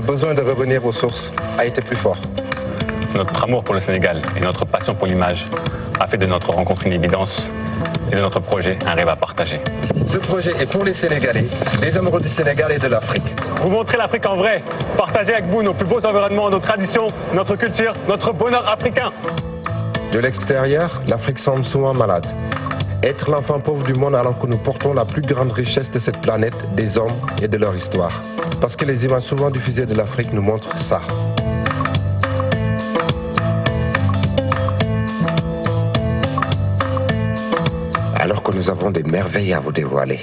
le besoin de revenir aux sources a été plus fort. Notre amour pour le Sénégal et notre passion pour l'image a fait de notre rencontre une et de notre projet un rêve à partager. Ce projet est pour les Sénégalais, les amoureux du Sénégal et de l'Afrique. Vous montrez l'Afrique en vrai, partagez avec vous nos plus beaux environnements, nos traditions, notre culture, notre bonheur africain. De l'Afrique semble souvent malade. Être l'enfant pauvre du monde alors que nous portons la plus grande richesse de cette planète, des hommes et de leur histoire. Parce que les images souvent diffusées de l'Afrique nous montrent ça. Alors que nous avons des merveilles à vous dévoiler.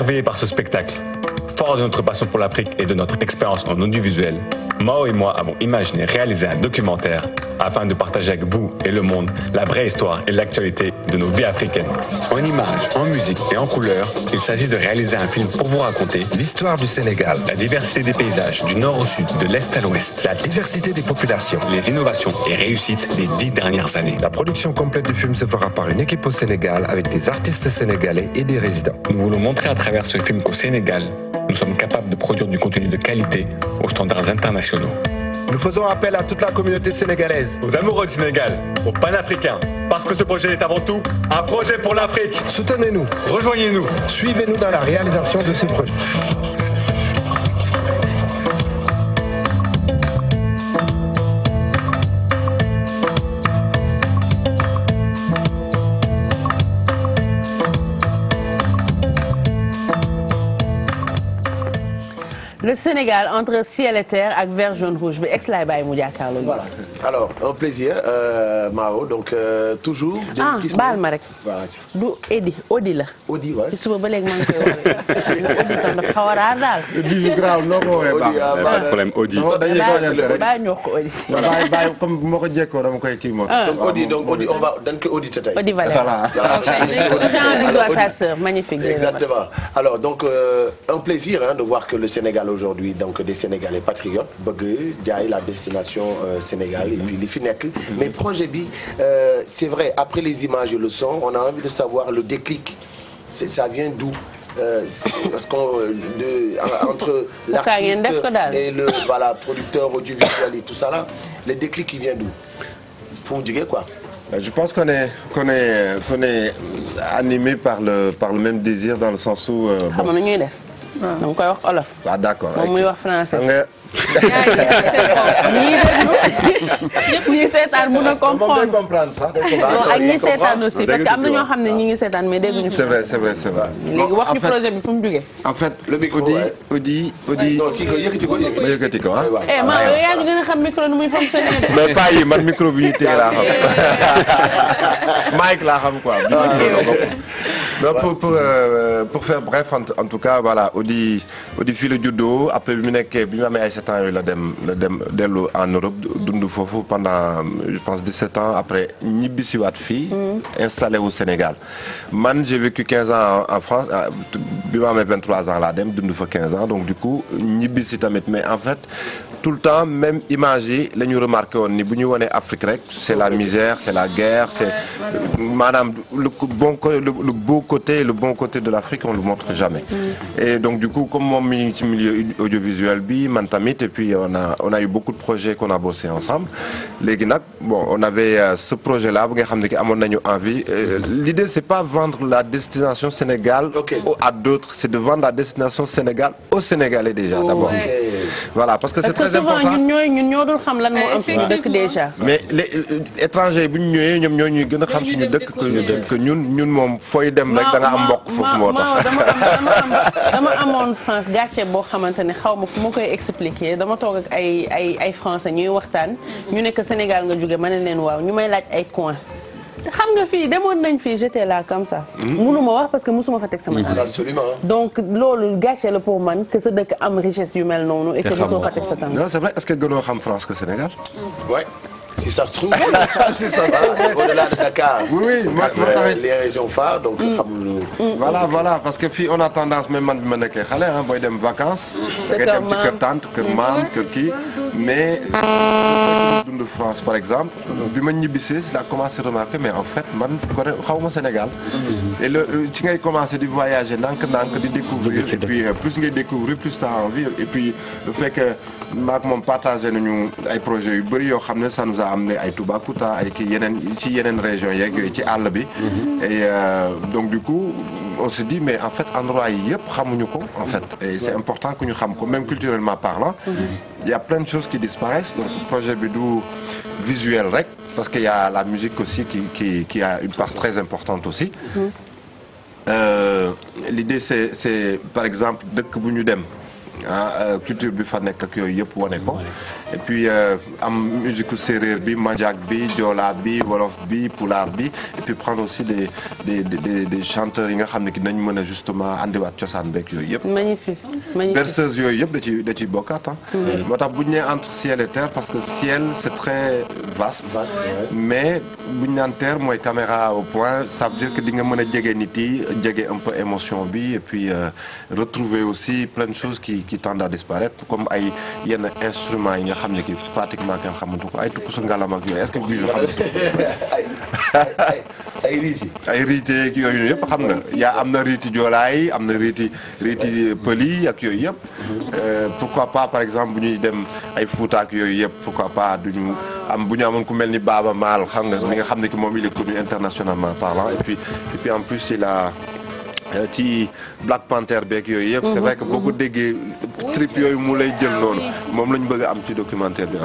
émerveillés par ce spectacle. Fort de notre passion pour l'Afrique et de notre expérience en audiovisuel, Mao et moi avons imaginé réaliser un documentaire afin de partager avec vous et le monde la vraie histoire et l'actualité de nos vies africaines. En images, en musique et en couleurs, il s'agit de réaliser un film pour vous raconter l'histoire du Sénégal, la diversité des paysages du nord au sud, de l'est à l'ouest, la diversité des populations, les innovations et réussites des dix dernières années. La production complète du film se fera par une équipe au Sénégal avec des artistes sénégalais et des résidents. Nous faisons appel à toute la communauté sénégalaise, aux amoureux du Sénégal, aux panafricains, parce que ce projet est avant tout un projet pour l'Afrique. Soutenez-nous, rejoignez-nous, suivez-nous dans la réalisation de ce projet. le Sénégal entre ciel et terre ak vert jaune rouge bi ex laay bàyyi mu jàkkaarloo. voilà alors un plaisir euh, Mao donc euh, toujours. ah baal ma rek. du Edi Odi la. Odi waay suba ba léegi maa ngi koy woowee Odi tam dafa xaw a raar daal. bii grave noo ko woowee baax ah, problème Odi. dañuy tooñante rek bàyyi ñu wax ko Odi. bàyyi bàyyi comme moo ko jekkoo dama koy kii moom. Ah. donc Odi donc Odi on va dañ koy auditer tey. Odi Valère voilà. Jean bisou à ta sœur magnifique. exactement alors donc euh, un plaisir hein, de voir que le Sénégal aujourd'hui donc des Sénégalais patriotes bëgg jaay la destination euh, Sénégal et puis li fi nekk mais projet bi euh, c'est vrai après les images et le son on a envie de savoir le déclic c'est ça vient d'où euh, parce euh, entre l'artiste et le voilà producteur audiovisuel et tout ça le déclic qui vient d'où fu mu jógee quoi je pense qu'on est qu'on est qu'on est animé par le par le même désir dans le sens où euh, ah, bon waaw ah. koy wax olof. waaw ah, moom muy wax français. ñii déglu ñëpp ñi seetaan mun a comprendre ak ñi seetaan aussi parce que am na ñoo xam ne ñi ngi seetaan mais dégguñu. c'est vrai c'est vrai c'est vrai. léegi wax ñu bi en fait Audi Audi Audi. non kii gën a xam micro nu muy fonctionner de. mais pas yi man micro bi ñu téye laa xam. mic laa xam quoi. Ah, non pour pour euh, euh, pour en, tout cas voilà Audy Audy fii la juddoo bi mu nekkee bi mu amee ay sept ans la dem la dem dellu en Europe dund foofu pendant je pense 17 ans après ñibbisiwaat fii. Mm. installé au Sénégal man j'ai vécu 15 ans en ah, bi ma amee 23 ans laa dem dund fa 15 ans donc du coup ñibbisi tamit mais en fait. tout le temps même image yi la ñu remarqué woon ni bu ñu wonee Afrique rek c'est la misère c'est la guerre c'est euh, maanaam le bon le côté le bon côté de l'Afrique on le montre jamais mm. et du coup comme moom mi ngi ci milieu audiovisuel bi man tamit et puis on a on a eu beaucoup de projets qu'on a bossé ensemble léegi nag bon on avait euh, ce projet là bu nga xam ne amoon nañu envie euh, l'idée c'est pas vendre la destination Sénégal à d'autres c'est de vendre la destination Sénégal aux Sénégalais déjà oh, d'abord voilà parce que c'est très souvent ñun ñooy ñun ñoo dul xam lan moo am suñu eh, dëkk déjà. mais les euh, étrangers bu ñu ñëwee ñoom ñoo ñuy gën a xam si suñu dëkk que ñun ñun moom fooy dem rek da am mbokk foofu moo tax. dama amoon France gàcce boo xamante ne xaw ma fu ma koy expliquer dama toog ay ay ay français ñuy waxtaan ñu nekk Sénégal nga jóge ma ne leen waaw ñu may laaj ay coin xam nga fii demoon nañ fii j'étais là comme ça. mënuma mhm. wax parce que mësuma fa teg sama mhm. tànk. absolument. donc loolu gàcce la pour man que sa dëkk am richesse yu mel noonu. et que mësoo fa teg sa tànk. non c'est vrai est-ce que gënoo xam France que Sénégal. ouais. si ça se trouve. si ça se trouve au-delà de Dakar. oui oui moo taxit les régions phares donc. Mm. xam mm. voilà voilà parce que fii on a tendance même man bi ma nekkee xale ah booy dem vacances. Mm. c'est que kër maam kër kii. mais dund France par exemple bi ma ñibbisee si laa commencé remarqué mais en fait man côté xaw ma Sénégal et le ci ngay commencé di voyager ndànk-ndànk di découvrir et puis plus ngay découvrir plus t'as envie et puis le fait que maak moom partagé nañu ay projets yu bëri yoo xam ne ça nous a amené ay Toubacouta ay kii yeneen ci yeneen régions yeeg yooyu ci àll bi mhm. et euh, donc du coup on se dit mais en fait endroit yi yëpp xamuñu ko en fait et c'est important que ñu xam ko même culturellement parlant il y a plein de choses qui disparaissent donc projet bi du visuel rek parce qu'il y a la musique aussi qui qui qui a une part très importante aussi euh, l'idée c'est c'est par exemple dëkk bu ñu dem ah euh, culture bi fa nekk ak yooyu yëpp wane ko et puis euh, am musique séeréer bi manjaak bi joolaa bi wolof bi pulaar bi et puis prendre aussi des des des des chanteurs xam ne ki nañ mën a justement andiwaat cosaan beeg yooyu yëpp. magnifique magnifique berceuse yooyu yëpp da ciy da ciy bokkaat ah. moo tax bu ñu nee entre ciel et terre parce que ciel c'est très vaste. vaste mais bu ñu naan terre mooy caméra au point ça veut dire que di nga mën a jege nit yi jege un peu émotion bi et puis euh, retrouver aussi plein de choses qui qui tendent disparaître comme ay yenn instruments yi xam ne kii pratiquement kenn xamatu ko ay tukku sa ngalam ak yooyu est-ce que bii xamatu ay riiti ay riiti ak yooyu yëpp xam nga yaa am na riiti joolaay am na riiti riiti pël yi ak yooyu yëpp euh, pourquoi pas par exemple bu ñuy dem ay Fuuta ak yooyu yëpp pourquoi pas duñu am bu ñu amoon ku mel ni Baaba Maal xam nga mi nga xam ne ki moom il est connu internationalement parlant et puis et puis en plus il a Euh, ci Black Panther beeg yooyu yëpp. c'est vrai yooyu mu lay jël noonu moom lañ am ci documentaire bi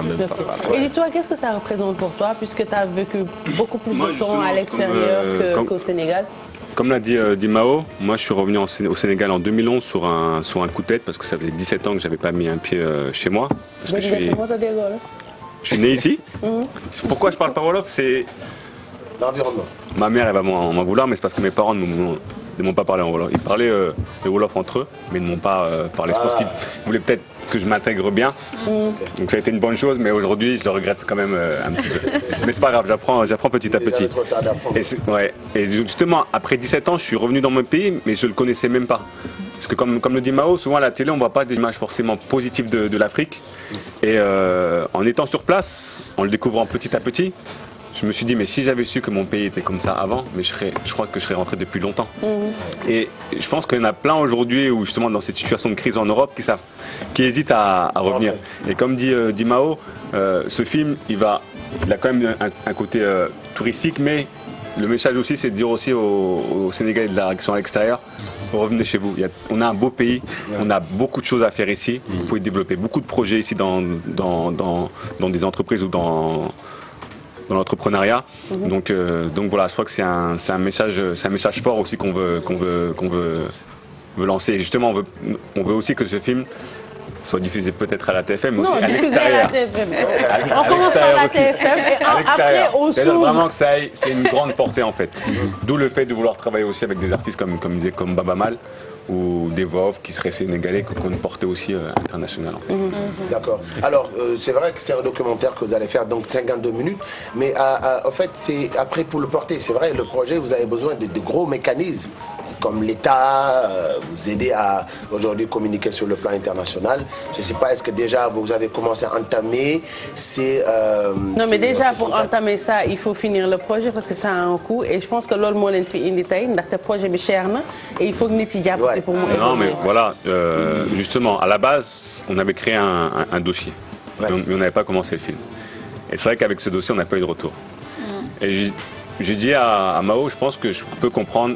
qu'est-ce que ça représente pour toi puisque tu as vécu beaucoup plus de à l'extérieur euh, que qu'au Sénégal. Comme l'a dit euh, Dimao, moi je suis revenu au Sénégal en sur un, coup de tête parce que ça faisait 17 ans que j'avais pas mis un pied euh, chez moi. je suis, ici. Mhm. Pourquoi je parle pas Wolof C'est. Ma mère elle va m'en vouloir mais c'est parce que mes parents m'ont ne m'ont pas parlé en Wolof. Ils parlaient euh, les Wolof entre eux, mais ils ne m'ont pas euh, parlé. Ah. Je pense ah. qu'ils voulaient peut-être que je m'intègre bien. Mmh. Donc ça a été une bonne chose, mais aujourd'hui, je le regrette quand même euh, un petit peu. mais c'est pas grave, j'apprends, j'apprends petit à petit. Et, ouais. et justement, après 17 ans, je suis revenu dans mon pays, mais je le connaissais même pas. Parce que comme, comme le dit Mao, souvent à la télé, on ne voit pas des images forcément positives de, de l'Afrique. Et euh, en étant sur place, en le découvrant petit à petit, je me suis dit, mais si j'avais su que mon pays était comme ça avant, mais je, serais, je crois que je serais rentré depuis longtemps. Mmh. Et je pense qu'il y en a plein aujourd'hui, ou justement dans cette situation de crise en Europe, qui, savent, qui hésitent à, à revenir. Ah okay. Et comme dit, euh, dit Mao, euh, ce film, il, va, il a quand même un, un côté euh, touristique, mais le message aussi, c'est de dire aussi aux, aux Sénégalais de la, qui sont à l'extérieur, revenez chez vous. Il y a, on a un beau pays, on a beaucoup de choses à faire ici. Mhm. Vous pouvez développer beaucoup de projets ici dans, dans, dans, dans des entreprises ou dans dans l'entrepreneuriat. Mmh. Donc, euh, donc voilà, je crois que c'est un, un, message, euh, un message fort aussi qu'on veut, qu'on veut, qu'on veut, veut, lancer. Et justement, on veut, on veut aussi que ce film soit diffusé peut-être à la TFM, mais non, aussi à l'extérieur. On à commence par la TFM et à après on s'ouvre. Vraiment que ça c'est une grande portée en fait. D'où le fait de vouloir travailler aussi avec des artistes comme, comme disait comme Baba Mal, ou des VOV qui seraient sénégalais qu'on portait aussi euh, international. En fait. Mhm. Mhm. D'accord. Alors, euh, c'est vrai que c'est un documentaire que vous allez faire, donc 52 minutes, mais en euh, euh, fait, c'est après pour le porter, c'est vrai, le projet, vous avez besoin de, de gros mécanismes comme l'État, euh, vous aider à aujourd'hui communiquer sur le plan international. Je ne sais pas, est-ce que déjà vous avez commencé à entamer ces... Euh, non, mais déjà pour entamer ça, il faut finir le projet parce que ça a un coût. Et je pense que loolu moo leen fi indi tey ndax te projet bi cher na et il faut que nit yi jàpp si pour mu non mais voilà, euh, justement, à la base, on avait créé un, un, un dossier. Ouais. Donc, mais on n'avait pas commencé le film. Et c'est vrai qu'avec ce dossier, on n'a pas eu de retour. Mm. Et j'ai dit à, à Mao, je pense que je peux comprendre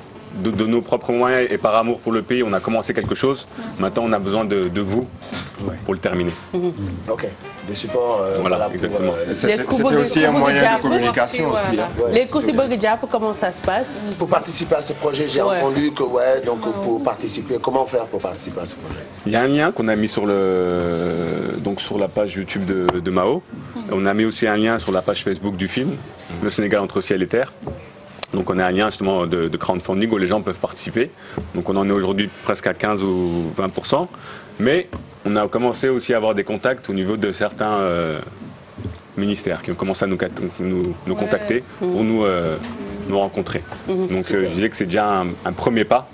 de, de, nos propres moyens et par amour pour le pays, on a commencé quelque chose. Mm-hmm. Maintenant, on a besoin de, de vous pour le terminer. Mmh. Ok. Des supports. Euh, voilà, voilà, euh, de communication. comment ça se passe Pour participer donc oh. pour participer, comment faire pour participer Il y a un lien qu'on a mis sur, la page YouTube de, de mm-hmm. On a mis aussi un lien sur la page Facebook du film, Le Sénégal entre ciel et terre. Donc on a un lien justement de, de crowdfunding où les gens peuvent participer. Donc on en est aujourd'hui presque à 15 ou 20 mais on a commencé aussi à avoir des contacts au niveau de certains euh, ministères qui ont commencé à nous, nous, nous contacter pour nous, euh, nous rencontrer. Mhm. Donc euh, je dirais que c'est déjà un, un premier pas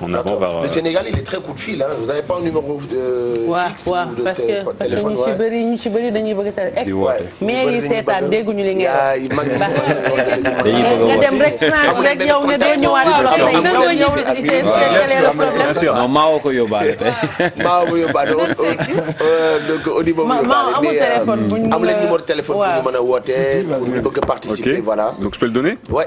En avant vers, le euh, Sénégal, il est très coup de fil. Hein. Vous n'avez pas un numéro de waaw, fixe waaw, ou de parce que, parce téléphone que ñu ci bëri ñu ci bëri dañuy bëgg a ex mais yi seetaan dégguñu li ngeen nga dem rek France rek yow ne doo ñëwaat bien sûr non maa ko yóbbaale tey maa ko yóbbaale oh, oh, euh, donc au niveau mais euh, am leen numéro de téléphone bu ñu mën a wootee pour ñu bëgg a participer voilà donc je peux le donner ouais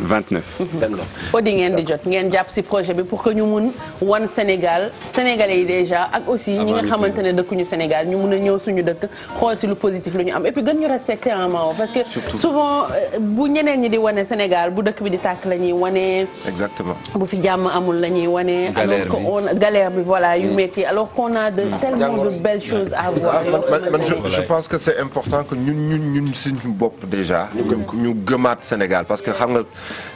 29. audi ngeen di jot ngeen jàpp si projet bi pour que ñu mun wan Sénégal sénégalais yi déjà ak aussi ñi nga xamante ne dëkkuñu Sénégal ñu mun a ñëw suñu dëkk xool si lu positif lu ñu am et puis gën ñu respecter en mao parce que souvent euh, bu ñeneen ñi di wane Sénégal bu dëkk bi di tàkk la ñuy wane. exactement bu fi jàmm amul la ñuy wane. alors que on galère bi voilà yu métti mm. alors qu'on a de mm. tellement de belles choses à voir. Ah, je pense que c'est important que ñun ñun ñun suñu bopp déjà. Mm. ñu gëmaat Sénégal parce que xam nga.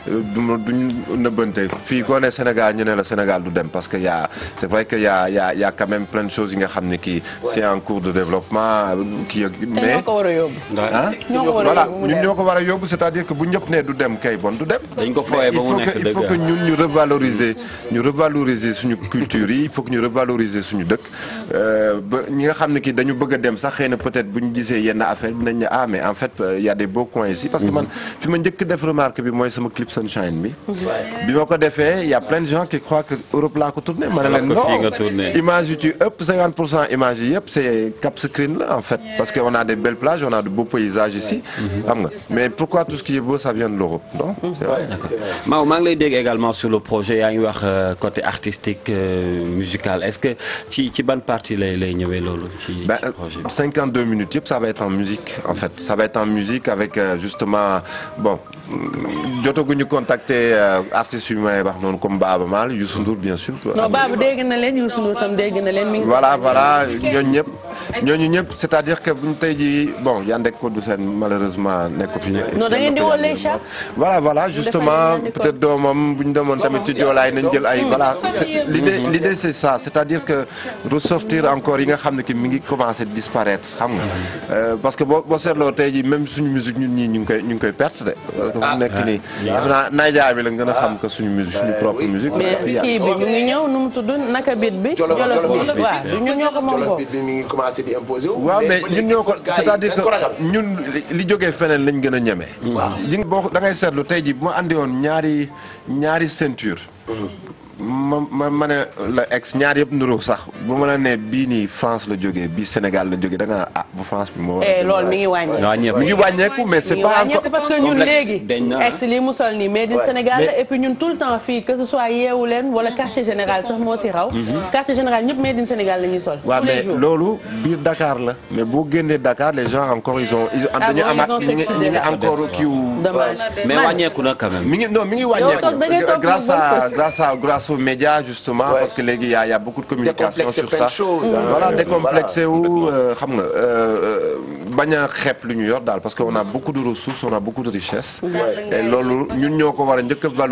duñ nëbbante fii koo ne Sénégal ñu ne la Sénégal du dem parce que y' a c' est que y' a y' a y' a même plein de yi nga xam ne kii. c' en cours de développement kii ak. mais ko war a yóbbu. ah voilà ñun ko war a yóbbu c' est à dire que bu ñëpp nee du dem kay bon du dem. dañ ko fooyee ba il faut que ñun ñu revaloriser ñu revaloriser suñu culture yi il faut que ñu revaloriser suñu dëkk euh, ñi nga xam ne kii dañu bëgg a dem sax xëy na peut être bu ñu gisee yenn affaire bi nañ ne ah mais en fait euh, y' a des que man mm-hmm. sama clip sunshine bi. Mhm. bi ma ko defee y' a plein de gens qui croient que Europe laa ko tourné. image yu ci image yi yëpp cap screen la parce que a des belles plages on a de beaux paysages ici. Mhm. xam mais pourquoi tout ce qui est beau ça de l' Europe non mhm. c' est vrai. Mao maa ngi lay dégg également sur le projet yaa ngi wax euh, côté artistique euh, musical est ce que ci ci ban partie lay lay ñëwee loolu. ci projet bi 52 minutes yëpp ça va être en musique en fait ça va être en musique avec euh, justement bon. jotaguñu contacter euh, artistes yu may wax noonu comme Baaba Maal Youssou Ndour bien sûr. non Baaba dégg leen Youssou tam dégg leen. mi ñëpp. ñooñu ñëpp c'est-à-dire que buñ tey jii bon Yandé Codou Sène malheureusement nekk fi. non da di woo les chats. voilà justement peut-être doomam bu ñu demoon tamit ci joolaay nañ jël ay voilà c'est ça c'est-à-dire que ressortir encore yi nga xam ne ki mi ngi commencer disparaître xam nga. Euh, parce que boo boo seetloo tey jii même suñu musique ñun ñii ñu ngi koy ñu koy perte de. parce que fu ah, nekk nii def ah, naa Naija la gën a xam que suñu musique suñu ah, propre musique. mais kii bi ñu ngi ñëw nu mu naka commencé di imposer wu. waaw mais ñun ñoo ko cest à ñun li joge feneen lañ gën a ñeme. waaw ji boo da ngay seetlu tey ji bu ma andi woon ñaari ñaari ceinture. Mm-hmm. ma ma ma ne ñaar yëpp nuru sax bu ma la ne bii nii France la jógee bii Sénégal la jógee da nga ah bu France bi moo. Eh, loolu mi ngi wàññeeku mi ngi wàññeeku mais c'est pas encore léegi. ex lii mu sol nii mais du Sénégal la et puis tout le temps fii ke ce soit yeewu leen wala quartier général sax moo si raw. Mm-hmm. Mm-hmm. quartier général ñëpp sol. tous mais loolu biir Dakar la. mais boo génnee dakaar les gens encore ils ont. dañu encore kii wu. mais wàññeeku na quand mi ngi non mi ngi wàññeeku aux médias justement parce que léegi y a y beaucoup de communication sur ça chose, hein, voilà décomplexé euh, xam nga euh, euh, bañ a xeeb lu ñu yor daal parce que on a beaucoup de ressources on a beaucoup de richesses et loolu ñun ñoo ko war a njëkk a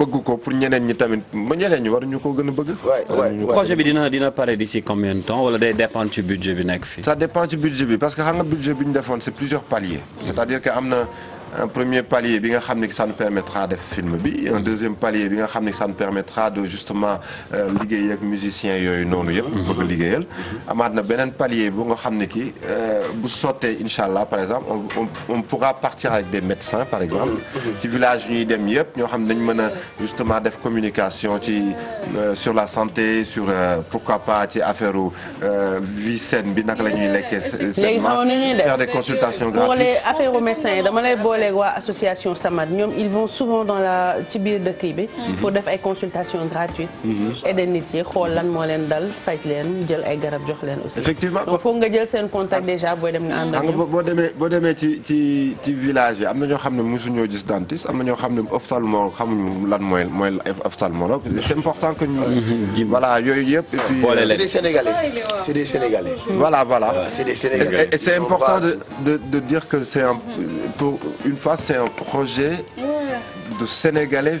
bëgg ko pour ñeneen ñi tamit ba ñeneen ñi war ñu ko gën a bëgg projet bi dina dina pare d'ici combien de temps wala day dépendre ci budget bi nekk fii ça parce que xam nga budget bi ñu defoon c'est plusieurs paliers c'est-à-dire que un premier palier bi nga xam ne ça nous permettra def film bi un deuxième palier bi nga xam ne ça nous permettra de justement euh, liggéey ak musiciens yooyu noonu yëpp bëgg liggéeyal mhm. amaat na beneen palier bu nga xam ne ki euh, bu sottee incha allah par exemple on, on, pourra partir avec des médecins par exemple ci village ñuy dem yëpp ñoo xam ne dañ mën a justement def communication ci euh, sur la santé sur euh, pourquoi pas ci affaire u euh, vie saine bi naka la ñuy lekkee sainement faire des consultations gratuites affaire médecins yi dama lay booleeg waa association Samad ñoom ils vont souvent dans la ci biir dëkk bi mhm. pour def ay consultations gratuites mhm. aider lan moo leen dal faj leen effectivement donc foog nga ah. déjà booy dem nga ànd ak boo demee boo demee ci ci ci village yi am na ñoo xam ne mosuñoo gis dentiste am na ñoo xam ne ophtalmologue xamuñu lan mooy mooy ophtalmologue c'est important que ñu. voilà mm-hmm. yooyu yëpp. boole euh, c'est des sénégalais c'est des sénégalais. voilà voilà c'est des sénégalais. et important de de de dire que c'est un une fois c'est un projet de sénégalais.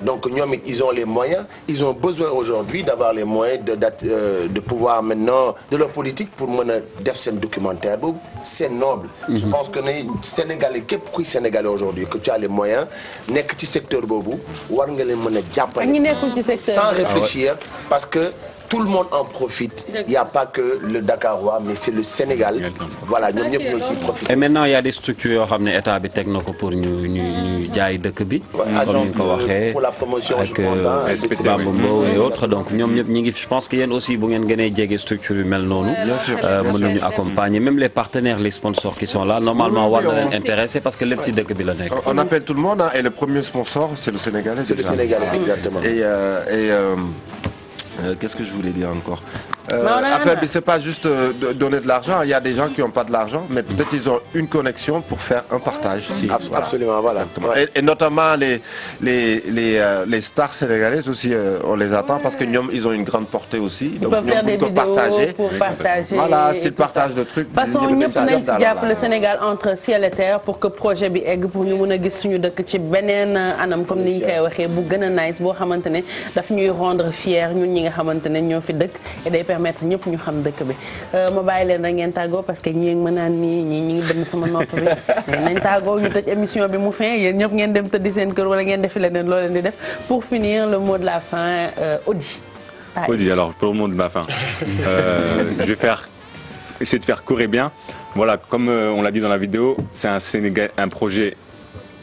donc ñoom it ils ont les moyens ils ont besoin aujourd'hui d'avoir les moyens de date euh, de pouvoir maintenant de leur politique pour mën a def seen documentaire boobu c'est noble mhm. je pense que ne sénégalais képp kuy sénégalais aujourd'hui que tu as les moyens nekk ci secteur boobu war nga leen mën a jàppale sans réfléchir ah parce que tout le monde en profite. Il n'y a pas que le Dakarois mais c'est le Sénégal. et maintenant il a des structures yoo xam ne état bi teg na ko pour ñu ñu ah. ñu jaay dëkk bi. comme ni ko waxee pour la promotion je pense euh, ñoom ñëpp ñi ngi je pense que yéen aussi bu ngeen gënee jege structure yu mel noonu. Euh, mën nañu accompagner même les partenaires les sponsors qui sont là normalement war na leen intéressé parce que lépp ci dëkk bi la nekk. on appelle tout le monde et le premier sponsor c'est le Sénégalais. c'est le Sénégalais ah exactement et euh, et. Euh, Qu'est-ce que je voulais dire encore Euh, affaire bi c'est pas juste euh, de donner de l'argent il y a des gens qui ont pas de l'argent mais peut-être ils ont une connexion pour faire un partage si ah, absolument voilà et notamment les les les euh, les stars sénégalaises aussi on les attend parce que ñoom ils ont une grande portée aussi donc ñoom bu ñu ko partager pour partager voilà s'ils partagent de trucs façon ñëpp nañ ci jàppale Sénégal entre ciel et terre pour que projet bi egg pour ñu mën a gis suñu dëkk ci beneen anam comme ni ñu koy waxee bu gën a nice boo xamante ne daf ñuy rendre fier ñun ñi nga xamante ne ñoo fi dëkk permettre ñëpp ñu xam dëkk bi euh, ma bàyyi leen rek parce que ñi ngi mën naan nii ñii ñi ngi dem sama nopp bi mais nañ ñu tëj émission bi mu fin yéen ñëpp ngeen dem tëddi seen kër wala ngeen defi leneen loo leen di def pour finir le mot de la fin Audy euh, Audy alors pour le mot la fin euh, je vais faire essayer bien voilà comme on l'a dit dans la vidéo c'est un projet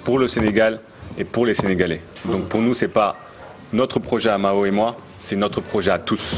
pour le Sénégal et pour les Sénégalais donc pour nous c'est pas notre projet à Mao et moi c'est notre projet à tous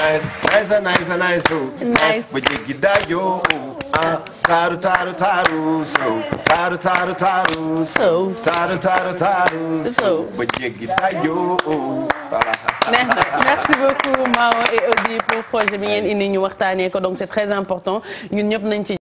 nice nice nice nice nice ba jéggi daajo ah taaru taaru taaru sow taaru taaru taaru sow taaru taaru taaru sow ba jéggi ah. daajo voilà neex na merci beaucoup Mao et Audy pour projet bi ngeen indi ñu waxtaanee ko donc c'est très important ñun ñëpp nañ ci